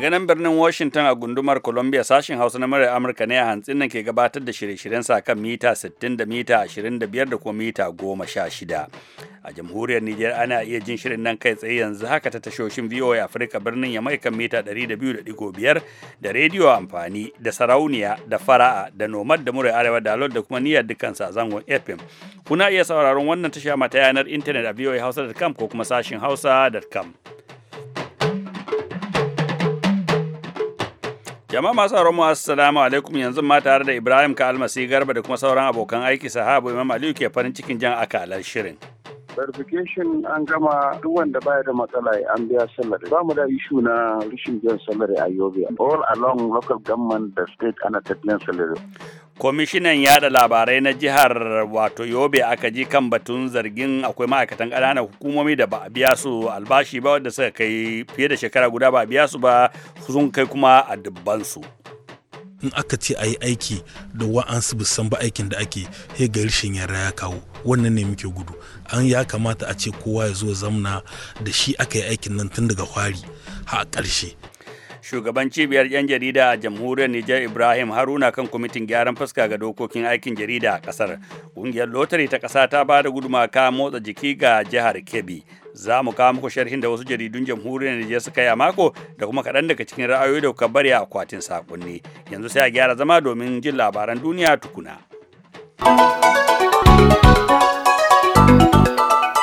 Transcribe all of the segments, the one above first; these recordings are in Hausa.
Daga nan birnin Washington a gundumar Columbia sashen Hausa na murar Amurka ne a hantsin nan ke gabatar da shirye-shiryen sa kan mita 60 da mita 25 da kuma mita 16. A jamhuriyar Nijar ana iya jin shirin nan kai tsaye yanzu haka ta tashoshin VOA afirka birnin ya kan mita 200.5 da rediyo amfani da sarauniya da fara'a da nomad da murar arewa da da kuma niyyar dukkan sa zangon FM. Kuna iya sauraron wannan tasha mata yanar intanet a voa hausa.com ko kuma sashin hausa.com. Jama'a masu mu assalamu alaikum yanzu ma tare da Ibrahim ka almasi garba da kuma sauran abokan aiki sahabu Imam Aliyu ke farin cikin jan akalar shirin. Verification an gama duk wanda baya da matsala an biya salari. Ba mu da ishu na rashin biyan salari a Yobe. All along local government da state ana ta salari. kwamishinan yada labarai na jihar wato yobe aka ji kan batun zargin akwai ma'aikatan ƙananan hukumomi da ba a biya su albashi ba wadda suka kai fiye da shekara guda ba a biya su ba sun kai kuma a dubbansu in aka ce a yi aiki da wa'ansu bisan ba aikin da ake he ga rishin yara ya kawo wannan ne muke gudu an ya kamata a ce kowa ya zo zamna da shi aka yi aikin nan tun daga kwari ha a ƙarshe shugaban cibiyar 'yan jarida a jamhuriyar Nijar Ibrahim Haruna kan kwamitin gyaran fuska ga dokokin aikin jarida a kasar. Ƙungiyar Lotari ta kasa ta ba da gudumaka motsa jiki ga jihar Kebbi. Za mu kawo muku sharhin da wasu jaridun jamhuriyar Nijar suka yi a mako da kuma kaɗan daga cikin ra'ayoyi da kuka bari a akwatin saƙonni. Yanzu sai a gyara zama domin jin labaran duniya tukuna.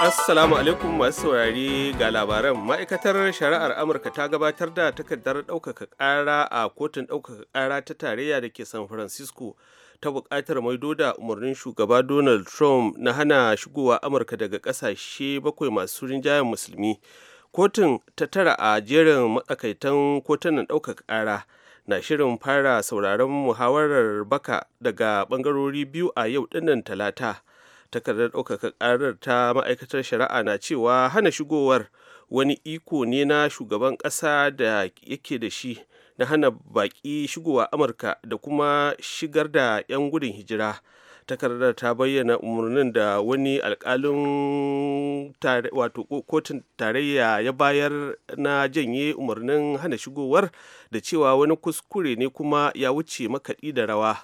Assalamu alaikum masu saurari ga labaran ma'aikatar shari'ar Amurka ta gabatar da takardar ɗaukaka ƙara a kotun ɗaukaka ƙara ta tarayya da ke San Francisco ta buƙatar maido da umarnin shugaba Donald Trump na hana shigowa Amurka daga ƙasashe bakwai masu rinjayen musulmi. Kotun ta tara a jerin matsakaitan kotunan ɗaukaka ƙara na shirin fara sauraron muhawarar baka daga ɓangarori biyu a yau ɗinnan talata. takardar ɗaukaka ƙarar ta ma'aikatar shari'a na cewa hana shigowar wani iko ne na shugaban ƙasa da yake da shi na hana baƙi shigowa amurka da kuma shigar da 'yan gudun hijira takardar ta bayyana umarnin da wani alƙalin kotun tarayya ya bayar na janye umarnin hana shigowar da cewa wani kuskure ne kuma ya wuce makaɗi da rawa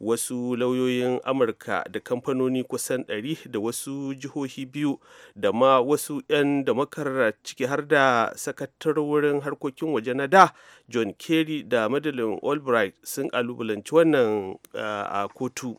wasu lauyoyin amurka da kamfanoni kusan 100 da wasu jihohi biyu da ma wasu 'yan damakara ciki har da sakatarorin harkokin waje na da john kerry da madeleine albright sun alubalanci wannan eh, a kotu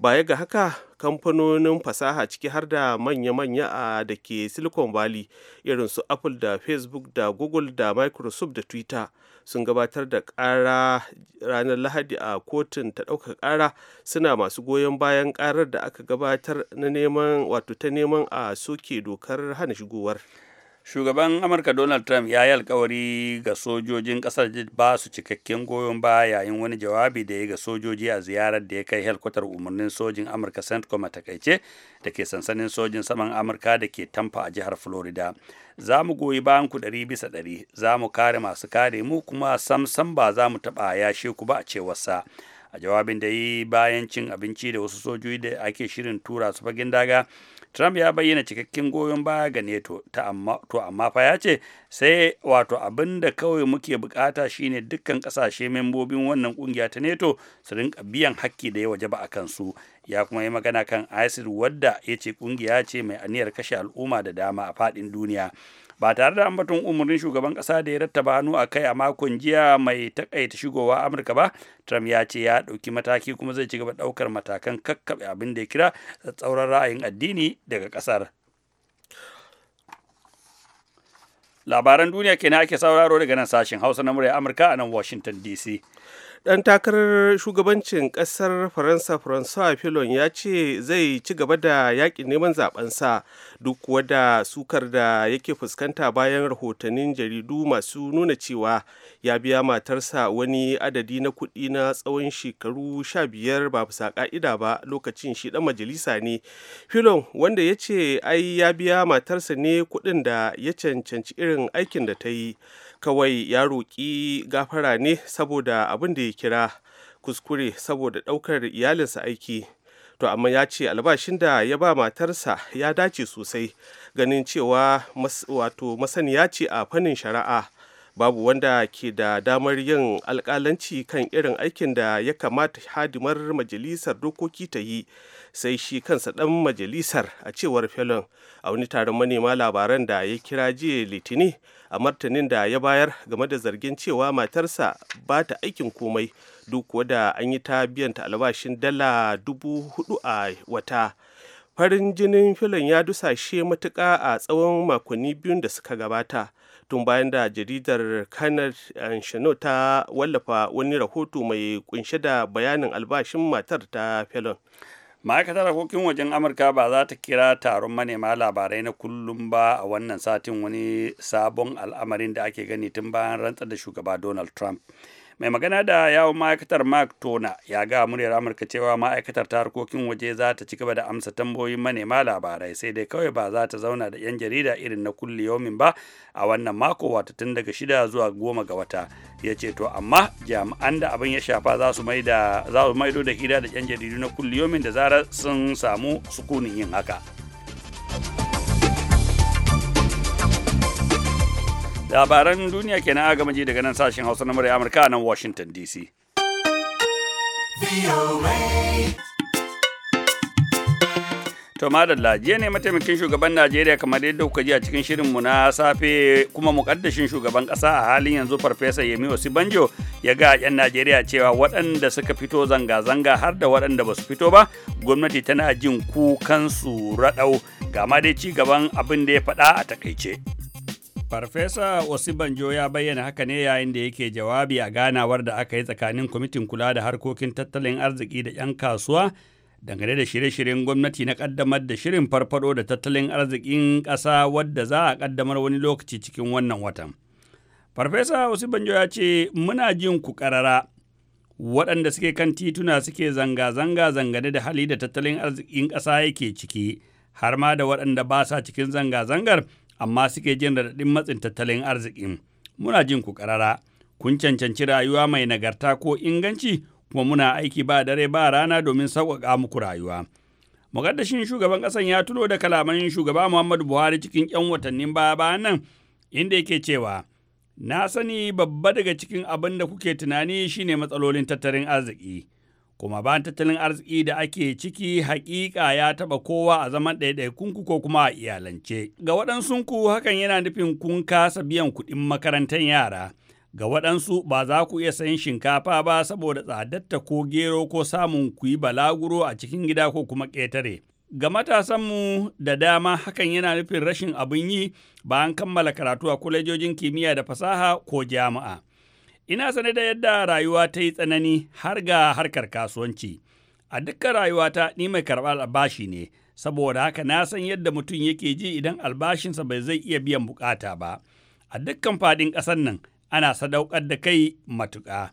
baya ga haka kamfanonin fasaha ciki har da manya-manya a da ke silicon valley irin su apple da facebook da google da microsoft da twitter sun gabatar da ƙara ranar lahadi a kotun ta ɗaukaka ƙara suna masu goyon bayan ƙarar da aka gabatar na neman wato ta neman a soke dokar hana shigowar shugaban amurka donald trump ya yi alkawari ga sojojin kasar ba su cikakken goyon baya yayin wani jawabi da ya ga sojoji a ziyarar da ya kai helkwatar umarnin sojin amurka centcom a takaice da ke sansanin sojin saman amurka da ke tampa a jihar florida za mu goyi bayan ku ɗari bisa ɗari za mu kare masu kare mu kuma sam sam ba za mu taɓa yashe ku ba a cewarsa a jawabin da yi bayan cin abinci da wasu sojoji da ake shirin tura su fagen daga Trump ya bayyana cikakken goyon baya ga NATO ta amma to amma fa ya ce sai wato abin da kawai muke bukata shine dukkan kasashe membobin wannan kungiya ta NATO su rinka biyan hakki da ya ba a kansu ya kuma yi magana kan ISIL wadda ya ce kungiya ce mai aniyar kashe al'umma da dama a faɗin duniya ba tare da ambaton umarnin shugaban kasa da ya rattaba hannu a kai a makon jiya mai takaita shigowa amurka ba trump ya ce ya ɗauki mataki kuma zai ci gaba ɗaukar matakan kakkaɓe abin da ya kira tsauran ra'ayin addini daga ƙasar labaran duniya kenan ake sauraro daga nan sashen hausa na murya amurka a nan washington dc dan takarar shugabancin kasar faransa francois filon ya ce zai ci gaba da yakin neman zabensa duk kuwa sukar da yake fuskanta bayan rahotannin jaridu masu nuna cewa ya biya matarsa wani adadi na kuɗi na tsawon shekaru sha biyar ba bisa ka'ida ba lokacin shi dan majalisa ne filon wanda ya ce ai ya biya matarsa ne kuɗin da ya cancanci irin aikin da ta yi kawai ya roƙi gafara ne saboda abin da ya kira kuskure saboda ɗaukar iyalinsa aiki to amma ya ce albashin da ya ba matarsa ya dace sosai ganin cewa wato masaniya ce a fannin shari'a babu wanda ke da damar yin alkalanci kan irin aikin da ya kamata hadimar majalisar dokoki ta yi sai shi kansa ɗan majalisar a cewar felon a wani taron manema labaran da ya kira jiya litini a martanin da ya bayar game da zargin cewa matarsa ba ta aikin komai duk da an yi ta biyan ta albashin dala dubu hudu a wata farin jinin filin ya dusashe matuka a tsawon makonni biyun da suka gabata tun bayan da jaridar kanar shano ta wallafa wani rahoto mai kunshe da bayanin albashin matar ta felon ma'aikatar harkokin wajen amurka ba za ta kira taron manema labarai na kullum ba a wannan satin wani sabon al'amarin da ake gani tun bayan rantsar da shugaba donald trump mai magana da yawon ma'aikatar mark tona ya ga muryar amurka cewa ma'aikatar ta harkokin waje za ta ci gaba da amsa tambayoyin manema labarai sai dai kawai ba za ta zauna da 'yan jarida irin na kulle yomin ba a wannan mako wata tun daga shida zuwa goma ga wata ya ce to amma jami'an da abin ya shafa za su maido da hira da 'yan jaridu na kulle yomin da zarar sun samu sukunin yin haka. labaran duniya kenan a gama ji daga nan sashen hausa na murya amurka nan washington dc To madalla jiya ne mataimakin shugaban Najeriya kamar yadda kuka ji a cikin mu na safe kuma mukaddashin shugaban ƙasa a halin yanzu farfesa Yemi Osibanjo ya ga 'yan Najeriya cewa waɗanda suka fito zanga-zanga har da waɗanda ba su fito ba gwamnati tana jin kukan su raɗau ga ma dai ci gaban abin da ya faɗa a takaice. Farfesa Osibanjo ya bayyana haka ne yayin da yake jawabi a ganawar da aka yi tsakanin kwamitin kula da harkokin tattalin arziki da 'yan kasuwa dangane da shirye-shiryen gwamnati na kaddamar da shirin farfado da tattalin arzikin ƙasa wadda za a kaddamar wani lokaci cikin wannan watan. Farfesa Osibanjo ya ce, Muna jin ku ƙarara waɗanda suke kan tituna suke zanga-zanga zangane da hali da tattalin arzikin ƙasa yake ciki, har ma da waɗanda ba sa cikin zanga-zangar amma suke jin raɗaɗin matsin tattalin arzikin. Muna jin ku ƙarara, kun cancanci rayuwa mai nagarta ko inganci kuma muna aiki ba dare ba rana domin sauƙaƙa muku rayuwa. Mugaddashin shugaban ƙasan ya tuno da kalaman shugaba Muhammadu Buhari cikin 'yan watannin baya bayan nan inda yake cewa na sani babba daga cikin abin da kuke tunani shine matsalolin tattalin arziki. kuma ba tattalin arziki da ake ciki hakika ya taba kowa a zaman ku ko kuma a iyalance. Ga waɗansu ku, hakan yana nufin kun kasa biyan kuɗin makarantar yara. Ga waɗansu ba za ku iya sayan shinkafa ba saboda tsadatta ko gero ko samun ku yi balaguro a cikin gida ko kuma ƙetare. Ga matasanmu da dama hakan yana nufin rashin abin yi ba an kammala karatu a kwalejojin kimiyya da fasaha ko jami'a. Ina sane da yadda rayuwa ta yi tsanani har ga harkar kasuwanci. A dukkan rayuwata ni mai karɓar albashi ne, saboda haka na san yadda mutum yake ji idan albashinsa bai zai iya biyan bukata ba. A dukkan faɗin ƙasar nan ana sadaukar da kai matuƙa.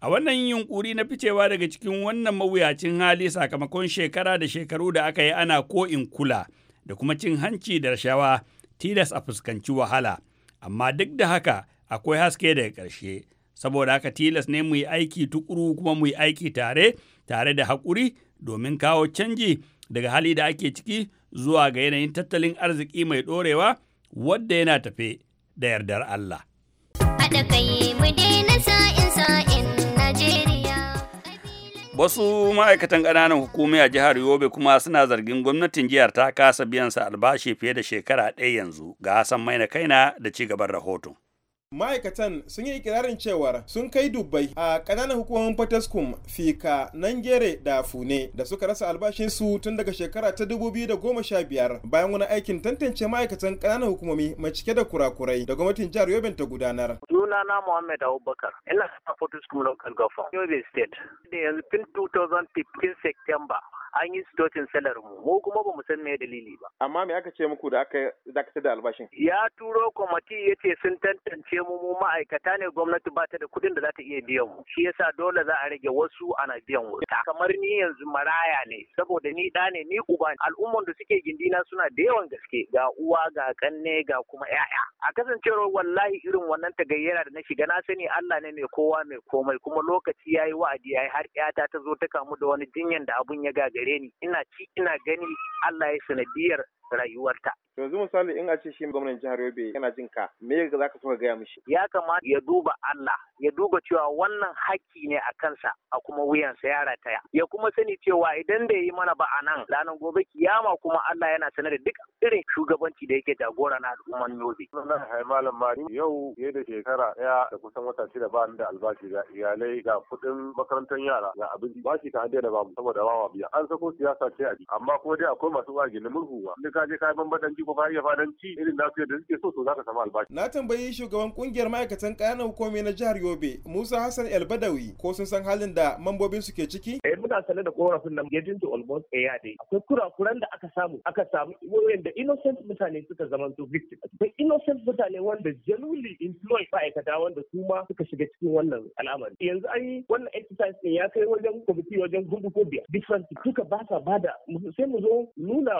A wannan yunƙuri na ficewa daga cikin wannan mawuyacin hali sakamakon shekara da shekaru da aka yi ana ko in kula da kuma cin hanci da rashawa tilas a fuskanci wahala. Amma duk da haka akwai haske daga ƙarshe saboda haka tilas ne mu yi aiki tukuru kuma mu yi aiki tare tare da haƙuri domin kawo canji daga hali da ake ciki zuwa ga yanayin tattalin arziki mai ɗorewa wadda yana tafe da yardar Allah. Haɗa Wasu ma'aikatan ƙananan hukumi a jihar Yobe kuma suna zargin gwamnatin jihar ta kasa biyan sa albashi fiye da shekara ɗaya yanzu ga Hassan Maina Kaina da ci gaban rahoton. ma'aikatan sun yi ikirarin cewar sun kai dubbai a ƙananan hukumomin fataskum fika nangere da fune da suka rasa albashin albashinsu tun daga shekara ta 2015 bayan wani aikin tantance ma'aikatan ƙananan hukumomi mai cike da kurakurai da gwamnatin jihar yobe ta gudanar sunana muhammad abubakar ina sa fataskum local government yobe state da yanzu tun 2015 september an yi stotin salar mu mu kuma ba mu san me dalili ba amma me aka ce muku da aka dakatar da albashin ya turo kwamati ce sun tantance mu mu ma'aikata ne gwamnati ba ta da kuɗin da za ta iya biyan mu shi yasa dole za a rage wasu ana biyan wuta kamar ni yanzu maraya ne saboda ni ɗa ne ni uba al'umman da suke gindina suna da yawan gaske ga uwa ga kanne ga kuma 'ya'ya a kasancewar wallahi irin wannan ta gayyara da na shiga na sani Allah ne mai kowa mai komai kuma lokaci yayi wa'adi yayi har 'yata ta zo ta kamu da wani jinyan da abun ya gagare ni ina ci ina gani Allah ya sanadiyar rayuwarta. yanzu misali in a ce shi gwamnan jihar Yobe yana jin ka me za ka so ka gaya mishi ya kamata ya duba Allah ya duba cewa wannan haƙƙi ne a kansa a kuma wuyansa ya rataya ya kuma sani cewa idan da yi mana ba a nan ranar gobe kiyama kuma Allah yana sanar da duk irin shugabanci da yake jagora na al'umman Yobe sunan haimalan mari yau fiye da shekara ɗaya da kusan wata shida ba da albashi ga iyalai ga kuɗin makarantar yara ga abinci ba shi ta hadiya da babu saboda wawa biya an sako siyasa ce a amma kuma dai akwai masu wajen murhuwa ka je ban bambadanci ko ka iya fadanci irin su yadda suke so to za ka samu albashi. Na tambayi shugaban kungiyar ma'aikatan kayan hukumi na jihar Yobe Musa Hassan El Badawi ko sun san halin da mambobin suke ciki? Eh muna sanar da korafin nan getting to almost a year dai. Akwai kurakuran da aka samu aka samu da innocent mutane suka zamanto victim. Akwai innocent mutane wanda genuinely employed ma'aikata wanda su ma suka shiga cikin wannan al'amari. Yanzu an yi wannan exercise ne ya kai wajen committee wajen hudu ko biyar. Different suka ba sa bada sai mu zo nuna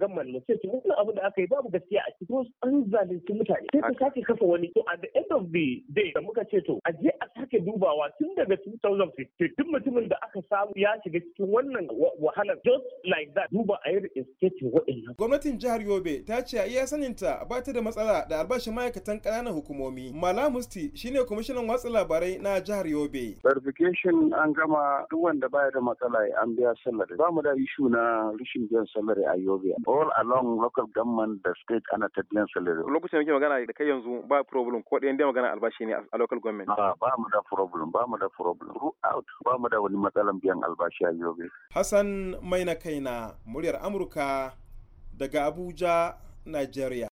gamman zalunce su wannan abu da aka yi babu gaskiya a cikin wasu an zalunci mutane sai ka sake kafa wani to at the end of the day da muka ce to a je a sake dubawa tun daga 2015 duk mutumin da aka samu ya shiga cikin wannan wahalar just like that duba a yi reinstating waɗannan. Gwamnatin jihar Yobe ta ce a iya saninta ba ta da matsala da albashin ma'aikatan ƙananan hukumomi. Mala Musti shine kwamishinan watsa labarai na jihar Yobe. Verification an gama duk wanda baya da matsala an biya salari. Ba mu da ishu na rashin biyan salari a Yobe. All long local government da state ana ta biyan salary lokacin da muke magana da kai yanzu ba problem ko ɗayan da magana albashi ne a local government ba mu da problem ba mu da problem throughout ba mu da wani matsalan biyan albashi a yobe hassan mai na kaina muryar amurka daga abuja nigeria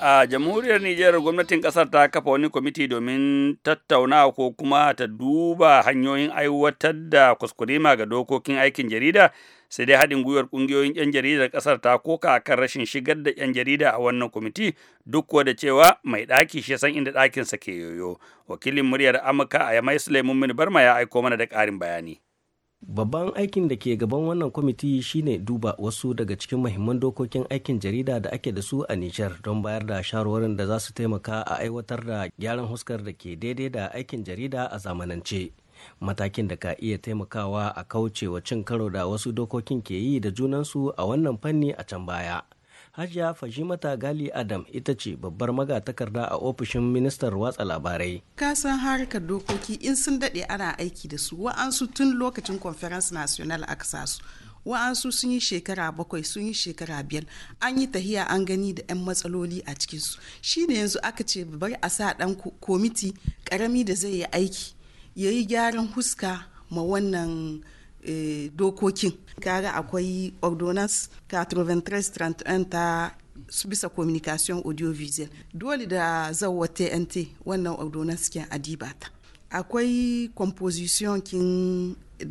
a jamhuriyar Nijar gwamnatin ƙasar ta kafa wani kwamiti domin tattaunawa ko kuma ta duba hanyoyin aiwatar da kuskurema ga dokokin aikin jarida sai dai haɗin gwiwar ƙungiyoyin 'yan jaridar ƙasar ta koka kan rashin shigar da 'yan jarida a wannan kwamiti duk da cewa mai ɗaki shi san inda ɗakinsa ke yoyo wakilin muryar amurka a yamai suleiman barma ya aiko mana da ƙarin bayani Babban aikin da ke gaban wannan kwamiti shine duba wasu daga cikin mahimman dokokin aikin jarida da ake da su a Nijar don bayar da shawarwarin da za su taimaka a aiwatar da gyaran huskar da ke daidai da aikin jarida a zamanance. Matakin da ka iya taimakawa a kaucewa cin karo da wasu dokokin ke yi da junansu a wannan fanni a can baya. Hajiya fashimata Gali Adam ita ce babbar magatakarda a ofishin ministan watsa labarai. Kasan harkar dokoki in sun daɗe ana aiki da su wa'ansu tun lokacin conference national aka sa Wa'ansu sun yi shekara bakwai sun yi shekara biyar an yi tahiya an gani da 'yan matsaloli a cikinsu. Shi ne yanzu aka ce bari a sa ɗan komiti karami da zai yi aiki ya yi gyaran huska ma wannan Eh, dokokin kaga akwai ordonance 9331 ta bisa communication audiovisual dole da zawa tnt wannan ordonance kin adibata akwai composition kin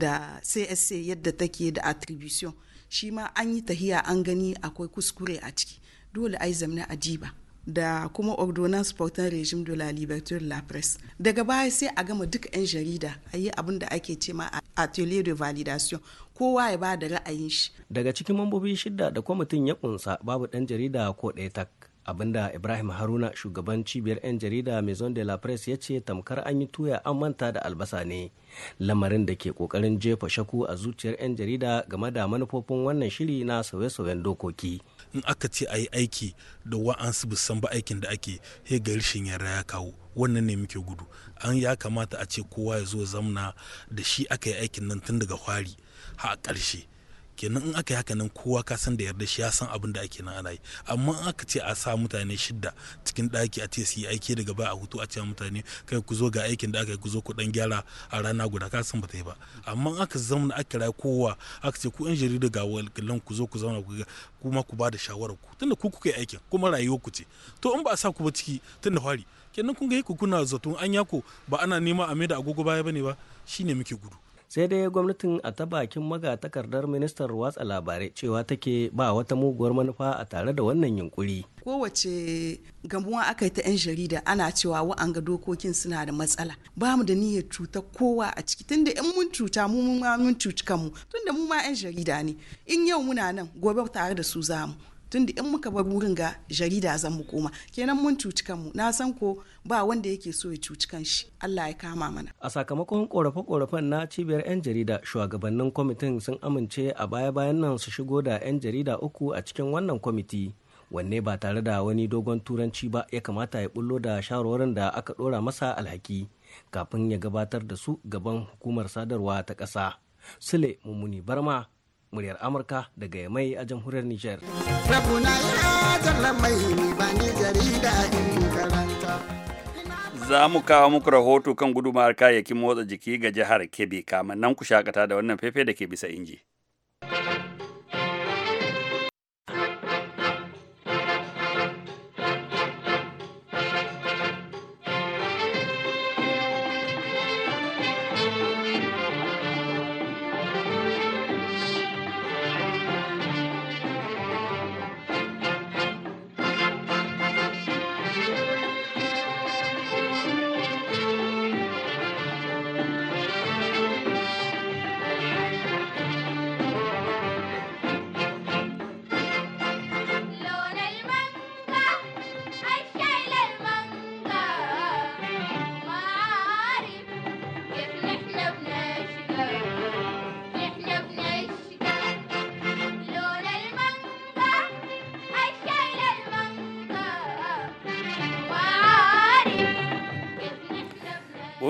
da csa yadda take da attribution shi ma an yi tahiya an gani akwai kuskure a ciki dole ai zamna adiba da kuma ordonance portant regime de la liberté de la presse daga baya sai a gama duk 'yan jarida a yi abin da ake ce ma atelier de validation kowa ya ba da ra'ayin shi daga cikin mambobi shida da kwamitin ya kunsa babu ɗan jarida ko ɗaya tak abinda ibrahim haruna shugaban cibiyar 'yan jarida maison de la presse ya ce tamkar an yi tuya an manta da albasa ne lamarin da ke kokarin jefa shaku a zuciyar 'yan jarida game da manufofin wannan shiri na sauye-sauyen dokoki in aka ce a yi aiki da wa'ansu bisan ba aikin da ake ga rishin yara ya kawo wannan ne muke gudu an ya kamata a ce kowa ya zo zamna da shi aka yi aikin nan tun daga kwari har a ƙarshe kenan in aka yi haka nan kowa ka san da yarda shi ya san abin da ake nan ana yi amma in aka ce a sa mutane shidda cikin ɗaki a ce su yi aiki daga baya a hutu a ce mutane kai ku zo ga aikin da aka yi ku zo ku dan gyara a rana guda ka san ba ta yi ba amma in aka zauna aka kira kowa aka ce ku yan jarida ga walƙalan ku zo ku zauna ku kuma ku ba da shawarar ku tunda ku kuka yi aikin kuma rayuwar ku ce to in ba a sa ku ba ciki tunda fari kenan kun ga ku kuna zato an yako ba ana nema a mai da agogo baya ba ne ba shine muke gudu sai dai gwamnatin a ta bakin magatakardar ministan watsa labarai cewa take ba wata muguwar manufa a tare da wannan yunkuri kowace gamuwa aka yi ta 'yan jarida ana cewa wa'anga dokokin suna da matsala ba mu da niyyar cuta kowa a ciki tunda in mun cuta mu mun cuci kanmu tunda mu ma 'yan jarida ne in yau muna nan gobe tare da su zamu tun da in muka bar wurin ga jarida zan mu koma kenan mun cuci kanmu na san ko ba wanda yake so ya cuci shi Allah ya kama mana a sakamakon korafe-korafen na cibiyar 'yan jarida shugabannin kwamitin sun amince a baya-bayan nan su shigo da 'yan jarida uku a cikin wannan kwamiti wanne ba tare da wani dogon turanci ba ya kamata ya bullo da shawarwarin da aka dora masa alhaki kafin ya gabatar da su gaban hukumar sadarwa ta ƙasa sule mummuni barma muryar amurka daga yamai a jamhuriyar niger za mu kawo muku rahoto kan gudumar kayayyakin motsa jiki ga jihar kebbi kamin nan ku shakata da wannan fefe da ke bisa inji.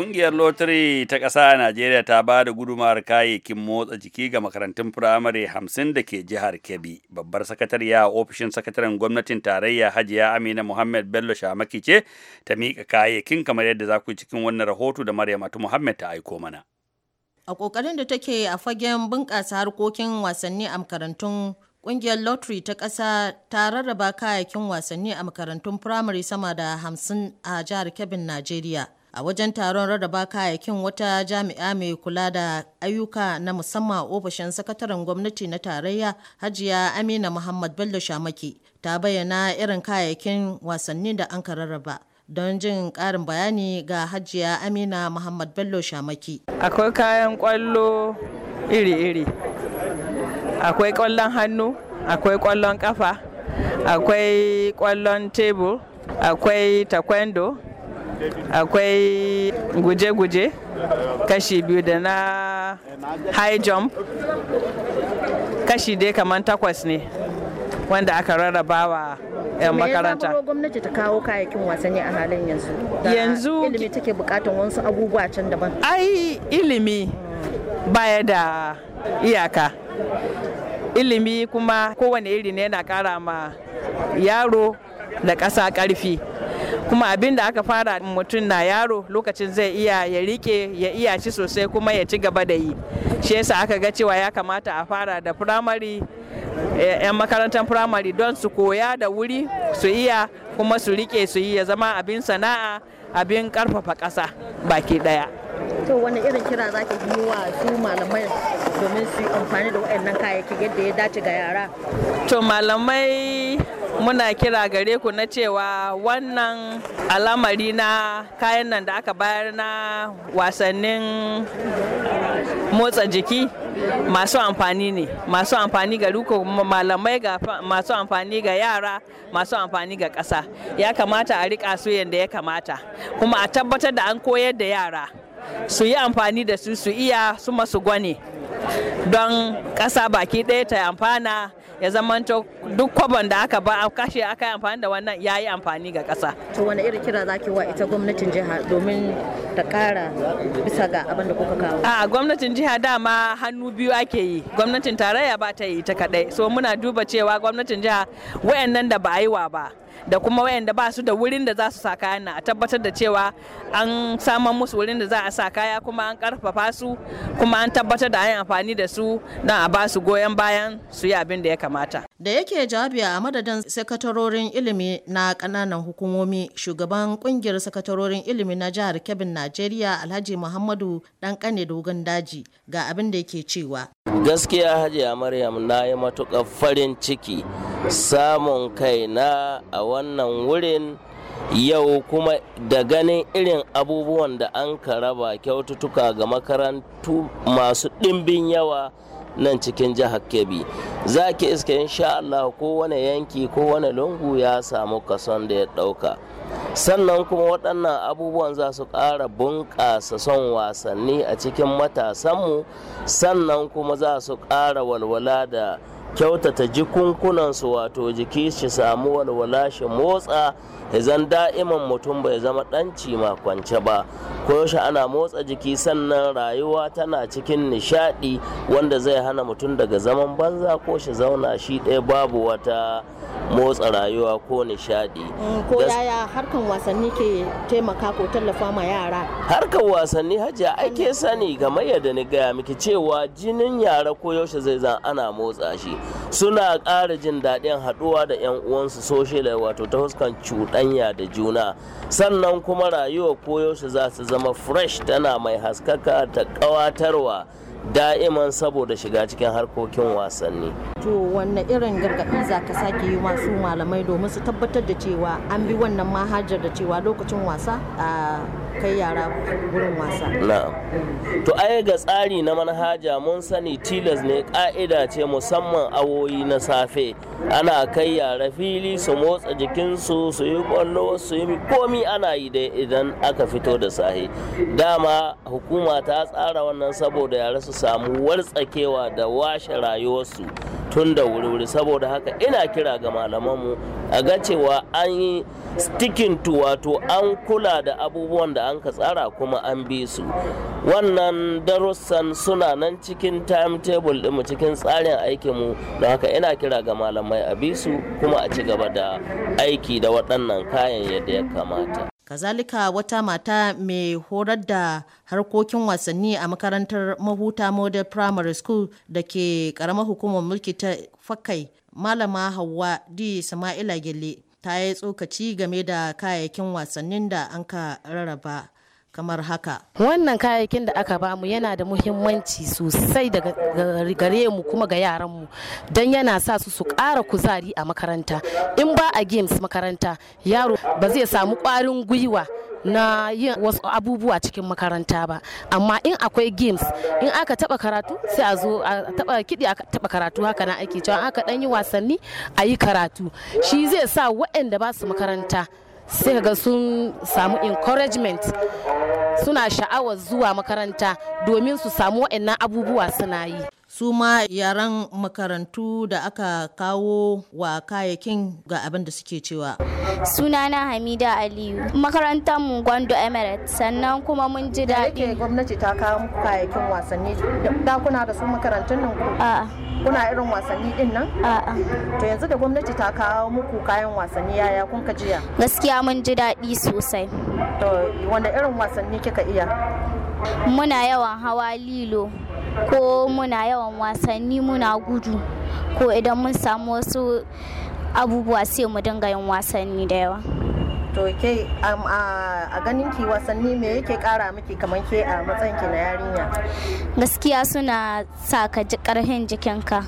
Ƙungiyar Lotiri ta ƙasa a Najeriya ta ba da gudumar kayayyakin motsa jiki ga makarantun firamare hamsin da ke jihar Kebbi. Babbar sakatariya a ofishin sakataren gwamnatin tarayya Hajiya Amina Muhammad Bello Shamaki ce ta miƙa kayayyakin kamar yadda za ku cikin wannan rahoto da Maryam Atu Muhammad ta aiko mana. A ƙoƙarin da take a fagen bunƙasa harkokin wasanni a makarantun Ƙungiyar Lottery ta ƙasa ta rarraba kayayyakin wasanni a makarantun firamare sama da hamsin a jihar kebbi Najeriya. a wajen taron rarraba kayayyakin wata jami'a mai kula da ayyuka na musamman ofishin sakataren gwamnati na tarayya hajiya amina muhammad bello shamaki ta bayyana irin kayayyakin wasanni da an rarraba don jin karin bayani ga hajiya amina muhammad bello shamaki akwai kayan kwallo iri-iri akwai kwallon hannu akwai kwallon kafa akwai kwallon tebur akwai taekwondo akwai guje-guje kashi biyu da na high jump kashi dai kamar takwas ne wanda aka rarraba wa 'yan makaranta. Me gwamnati ta kawo kayayyakin wasanni a halin yanzu? Yanzu ilimi take bukatan wasu abubuwa can daban. Ai ilimi baya da iyaka. Ilimi kuma kowane iri ne yana kara ma yaro da ƙasa ƙarfi. kuma abin da aka fara mutum na yaro lokacin zai iya ya rike ya iya shi sosai kuma ya ci gaba da yi shi yasa aka ga cewa ya kamata a fara da firamare 'yan makarantar firamare don su koya da wuri su iya kuma su rike su yi ya zama abin sana'a abin karfafa ƙasa baki ɗaya. to wani irin kira za ki yi wa su malamai domin su amfani da waɗannan kayayyaki yadda ya dace ga yara to malamai muna kira gare ku na cewa wannan alamari na kayan nan da aka bayar na wasannin motsa jiki masu amfani ne masu amfani ga ruko malamai ga masu amfani ga yara masu amfani ga ƙasa ya kamata a riƙa su yadda ya kamata kuma a tabbatar da an koyar da yara su yi amfani da su su iya su masu gwani don ƙasa baki ɗaya ta amfana ya zamanto duk kwabon da aka ba kashe aka yi amfani da wannan ya yi amfani ga ƙasa. to wani irin kira za ki wa ita gwamnatin jiha domin ta ƙara bisa ga abin da kuka kawo. a gwamnatin jiha dama hannu biyu ake yi gwamnatin tarayya ba ta yi ta kaɗai so muna duba cewa gwamnatin jiha wayannan da ba a yi wa ba da kuma wayanda ba su da wurin da za su sa kaya na a tabbatar da cewa an saman musu wurin da za a sa kaya kuma an karfafa su kuma an tabbatar da an yi amfani da su don a ba su goyon bayan su yi abin da ya kamata da yake jawabi a madadin sakatarorin ilimi na kananan hukumomi shugaban kungiyar sakatarorin ilimi na jihar kebbin najeriya alhaji muhammadu dan kane dogon daji ga abin da yake cewa gaskiya hajiya maryam na yi matuƙar farin ciki samun kaina a wannan wurin yau kuma da ganin irin abubuwan da an ka raba kyaututtuka ga makarantu masu ɗimbin yawa nan cikin jihar kebbi za ki iska insha Allah kowane yanki kowane lungu ya samu kason da ya ɗauka sannan kuma waɗannan abubuwan za su ƙara bunƙasa son wasanni a cikin matasanmu sannan kuma za su ƙara walwala da kyautata jikunkunansu wato jiki shi samu walwala shi motsa zan da'iman mutum bai zama ɗanci makwance ba koyaushe ana motsa jiki sannan rayuwa tana cikin nishaɗi wanda zai hana mutum daga zaman banza ko shi zauna shi ɗaya babu wata motsa rayuwa ko nishaɗi mm, ko yaya harkan wasanni ke taimaka ko tallafa ma yara harkan wasanni hajiya ake sani game yadda ni gaya miki cewa jinin yara koyaushe zai zan ana motsa shi suna ƙara jin daɗin haɗuwa da 'yan uwansu social wato ta huskan cuɗanya da juna sannan kuma rayuwa koyaushe za su zama fresh tana mai haskaka ta ƙawatarwa da'iman saboda shiga cikin harkokin wasanni. To wanne irin gargaɗi za ka sake yi masu malamai domin su tabbatar da cewa an bi wannan mahajar da cewa lokacin wasa a kai yara gurin wasa na'am to ai ga tsari na manhaja mun sani tilas ne ka'ida ce musamman awoyi na safe ana kai yara fili su motsa jikin su yi kwallo su yi komi ana yi dai idan aka fito da sahi dama hukuma ta tsara wannan saboda yara su samu wartsakewa da washe rayuwarsu tun da wuri-wuri saboda haka ina kira ga malamanmu a ga cewa an yi sticking to wato an kula da abubuwan da an ka tsara kuma an bi su wannan darussan suna nan cikin timetable ɗinmu cikin tsarin aikinmu don haka ina kira ga malamai a bi su kuma a ci gaba da aiki da waɗannan kayan yadda ya kamata kazalika wata mata mai horar da harkokin wasanni a makarantar mahuta model primary school da ke karamar hukumar mulki ta fakai malama hawa di sama'ila gele ta yi tsokaci game da kayayyakin wasannin da an ka rarraba kamar haka. Wannan kayayyakin da aka bamu yana da muhimmanci sosai daga gare mu kuma ga yaran mu don yana sa su su ƙara kuzari a makaranta. In ba a games makaranta yaro ba zai samu ƙwarin gwiwa na yin wasu abubuwa cikin makaranta ba amma in akwai games in aka taba karatu sai a zo a taba kidi a taba karatu haka na ake cewa aka dan yi wasanni a yi karatu shi zai sa waɗanda ba su makaranta sai ga sun samu encouragement suna sha'awar zuwa makaranta domin su samu waɗannan abubuwa suna yi su ma yaran makarantu da aka kawo wa kayakin ga abin da suke cewa. Sunana Hamida Aliyu, makarantar mu Gwando Emirates, sannan kuma mun ji daɗi. gwamnati ta kawo muku kayakin wasanni, da kuna da su makarantun nan A'a. Kuna irin wasanni din nan? A'a. To yanzu da gwamnati ta kawo muku kayan wasanni yaya kun ka jiya? Gaskiya mun ji daɗi sosai. To wanda irin wasanni kika iya? muna yawan hawa lilo ko muna yawan wasanni muna gudu ko idan mun samu wasu abubuwa sai mu dinga yin wasanni da yawa toke a ganin ki wasanni me yake kara miki kamar ke a matsayin ki na yarinya gaskiya suna sa ka ji karhin jikinka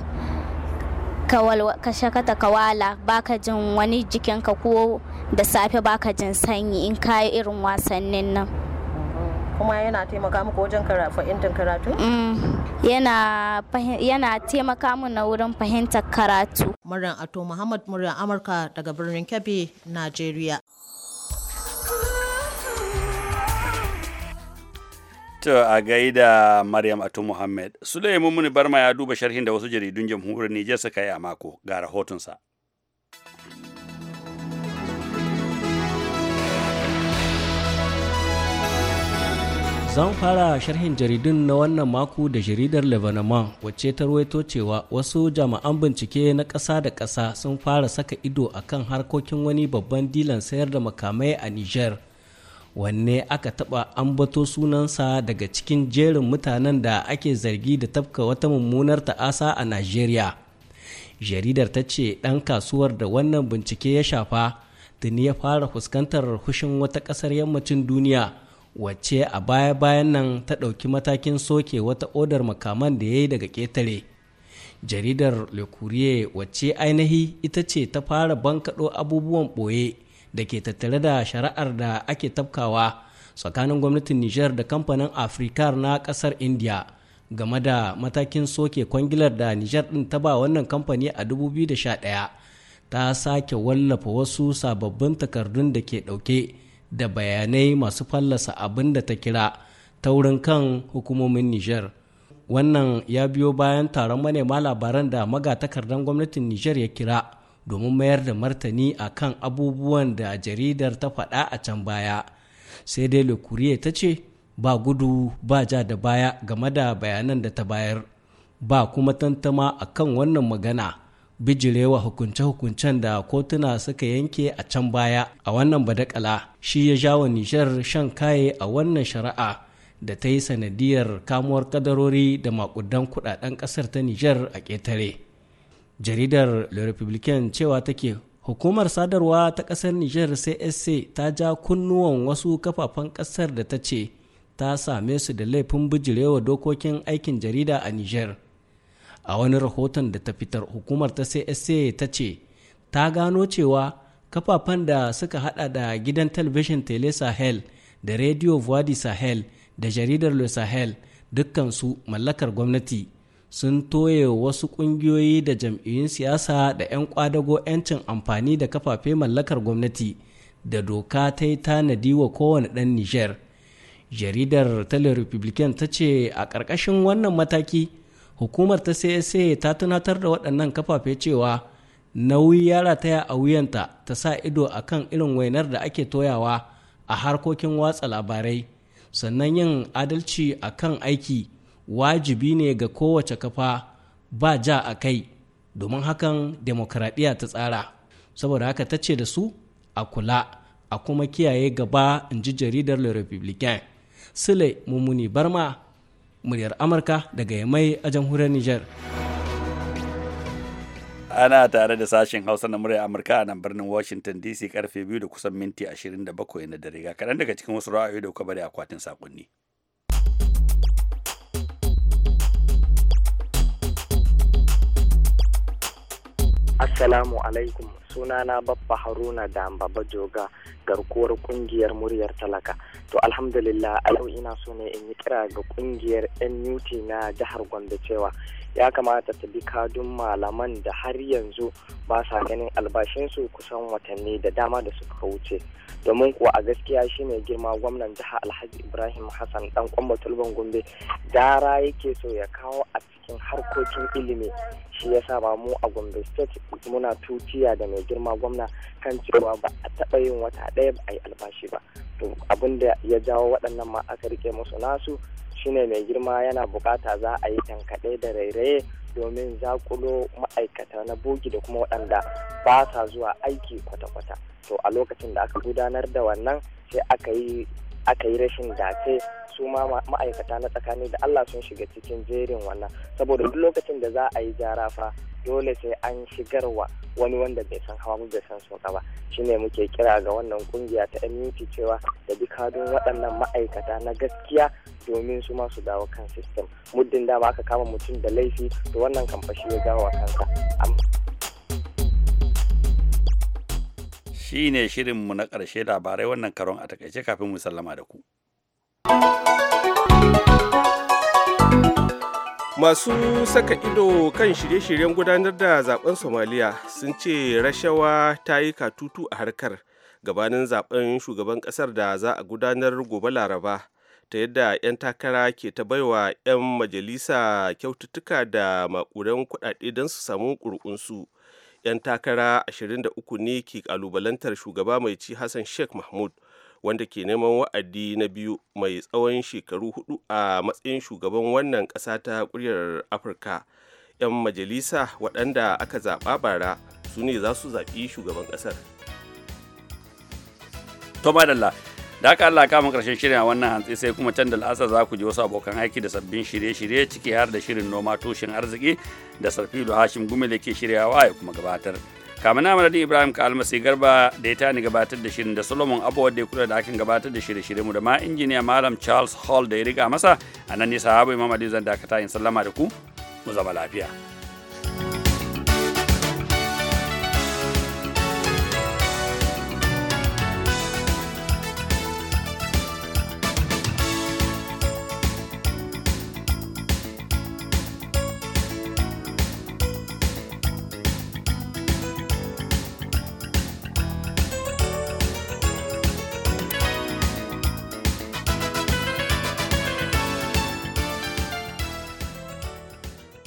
ka shakata ka wala baka jin wani jikinka ko da safe baka jin sanyi in kayi irin wasannin nan kuma yana taimaka muku wajen fahimtar karatu? Mm, yana taimaka mu na wurin fahimtar karatu. Muryan Ato Muhammad Muryan Amurka daga birnin Kebbi, Najeriya. To a gaida Maryam Ato Muhammad, Sulaimu Muni Barma ya duba sharhin da wasu jaridun jamhuriyar Nijar suka yi a mako ga rahotonsa. Zan fara sharhin jaridun na wannan mako da jaridar Lebanon wacce ta ruwaito cewa wasu jama'an bincike na ƙasa da ƙasa sun fara saka ido akan harkokin wani babban dilan sayar da makamai a Niger. Wanne aka taɓa ambato sunansa daga cikin jerin mutanen da ake zargi da tafka wata mummunar ta'asa a Najeriya. Jaridar ta ce ɗan kasuwar da wannan bincike ya shafa tuni ya fara fuskantar hushin wata ƙasar yammacin duniya. wacce a baya-bayan nan ta ɗauki matakin soke wata odar makaman da ya yi daga ƙetare jaridar le wacce ainihi ita ce ta fara bankaɗo abubuwan ɓoye da ke tattare da shari'ar da ake tafkawa tsakanin gwamnatin niger da kamfanin afrikar na ƙasar india game da matakin soke kwangilar da niger ɗin ta ba wannan kamfani a 2011 ta sake wallafa wasu sababbin takardun da ke ɗauke da bayanai masu fallasa abin da ta kira taurin kan hukumomin Nijar. Wannan ya biyo bayan taron manema labaran da magatakardan gwamnatin Nijar ya kira domin mayar da martani a kan abubuwan da jaridar ta faɗa a can baya. Sai dai Lekuriye ta ce ba gudu ba ja da baya game da bayanan da ta bayar, ba kuma tantama a kan wannan magana. bijirewa hukunce-hukuncen da kotuna suka yanke a can baya a wannan badakala shi ya jawo nijar shan kaye a wannan shari'a da ta yi sanadiyar kamuwar kadarori da makudan kudaden kasar ta nijar a ƙetare jaridar le republican cewa take hukumar sadarwa ta kasar nijar csc ta ja kunnuwan wasu kafafen kasar da ta ce ta same su da laifin bijirewa dokokin aikin jarida a nijar a wani rahoton da ta fitar hukumar ta CSA ta ce ta gano cewa kafafen da suka hada da gidan talabijin tele sahel da radio voadi sahel da jaridar le sahel dukkansu mallakar gwamnati sun toye wasu kungiyoyi da jam'iyyun siyasa da 'yan kwadago 'yancin amfani da kafafe mallakar gwamnati da doka ta yi tanadi wa kowane ɗan niger jaridar tele republican ta ce a ƙarƙashin wannan mataki hukumar ta csa ta tunatar da waɗannan kafafe cewa nauyi ya rataya a wuyanta ta sa ido a kan irin wainar da ake toyawa a harkokin watsa labarai sannan yin adalci a kan aiki wajibi ne ga kowace kafa ba ja a kai domin hakan demokradiyya ta tsara saboda haka ta ce da su a kula a kuma kiyaye gaba in ji jaridar le republican sule mummuni barma muryar amurka daga yamai a jamhuriyar niger ana tare da sashen hausa na muryar amurka a nan birnin washington dc karfe biyu da kusan minti 27 na dare ga kaɗan daga cikin wasu ra'ayoyi da kuka bari akwatin sakonni assalamu alaikum sunana babba haruna da baba joga garkuwar kungiyar muryar talaka to alhamdulillah a yau ina so ne in yi kira ga kungiyar nut na jihar gombe cewa ya kamata ta bi kadun malaman da har yanzu ba sa ganin albashinsu kusan watanni da dama da suka wuce domin kuwa a gaskiya shi mai girma gwamnan jiha alhaji ibrahim hassan dan kwamba tulban gombe dara yake so ya kawo a cikin harkokin ilimi shi ya sa ba mu a gombe state muna tuciya da mai girma gwamna kan cewa ba a taɓa yin wata daya ba a yi albashi ba to abin da ya jawo waɗannan ma aka rike musu nasu shine mai girma yana bukata za a yi tankaɗe da rairaye domin zakulo ma'aikata na bogi da kuma waɗanda ba sa zuwa aiki kwata-kwata to a lokacin da aka gudanar da wannan sai aka yi rashin dace su ma ma'aikata na tsakani da Allah sun shiga cikin jerin wannan saboda duk lokacin da za a yi jarafa dole sai an shigarwa wani wanda bai san hawa bai san soka ba shine muke kira ga wannan kungiya ta aminci cewa da bi kadon waɗannan ma'aikata na gaskiya domin su masu dawo kan sistem muddin dama aka kama mutum da laifi to wannan fashi ya dawo wa kansa shi ne shirinmu na ƙarshe labarai wannan karon a takaice kafin mu sallama da ku. masu saka ido kan shirye-shiryen gudanar da zaben somaliya sun ce rashawa ta yi katutu a harkar gabanin zaben shugaban kasar da za a gudanar gobe laraba ta yadda 'yan takara ke ta baiwa 'yan majalisa kyaututtuka da makuran kudade don su samu ƙuri'unsu 'yan takara 23 ne ke kalubalantar shugaba mai ci hassan sheikh mahmud wanda ke neman wa'adi na biyu mai tsawon shekaru hudu a matsayin shugaban wannan kasa ta kuryar afirka 'yan majalisa waɗanda aka zaɓa bara su ne za su zaɓi shugaban ƙasar to madalla da aka Allah kama karshen shirin a wannan hantsi sai kuma can da la'asar za ku ji wasu abokan aiki da sabbin shirye-shirye ciki har da shirin noma tushen arziki da sarfilo hashim da ke shiryawa ya kuma gabatar kamar na madadin ibrahim ka almasi garba da ya ta ni gabatar da shirin da solomon abu da ya kula da akin gabatar da shirye shirye mu da ma injiniya malam charles hall da ya riga masa a nan nisa sahabu imam zan dakata in sallama da ku mu zama lafiya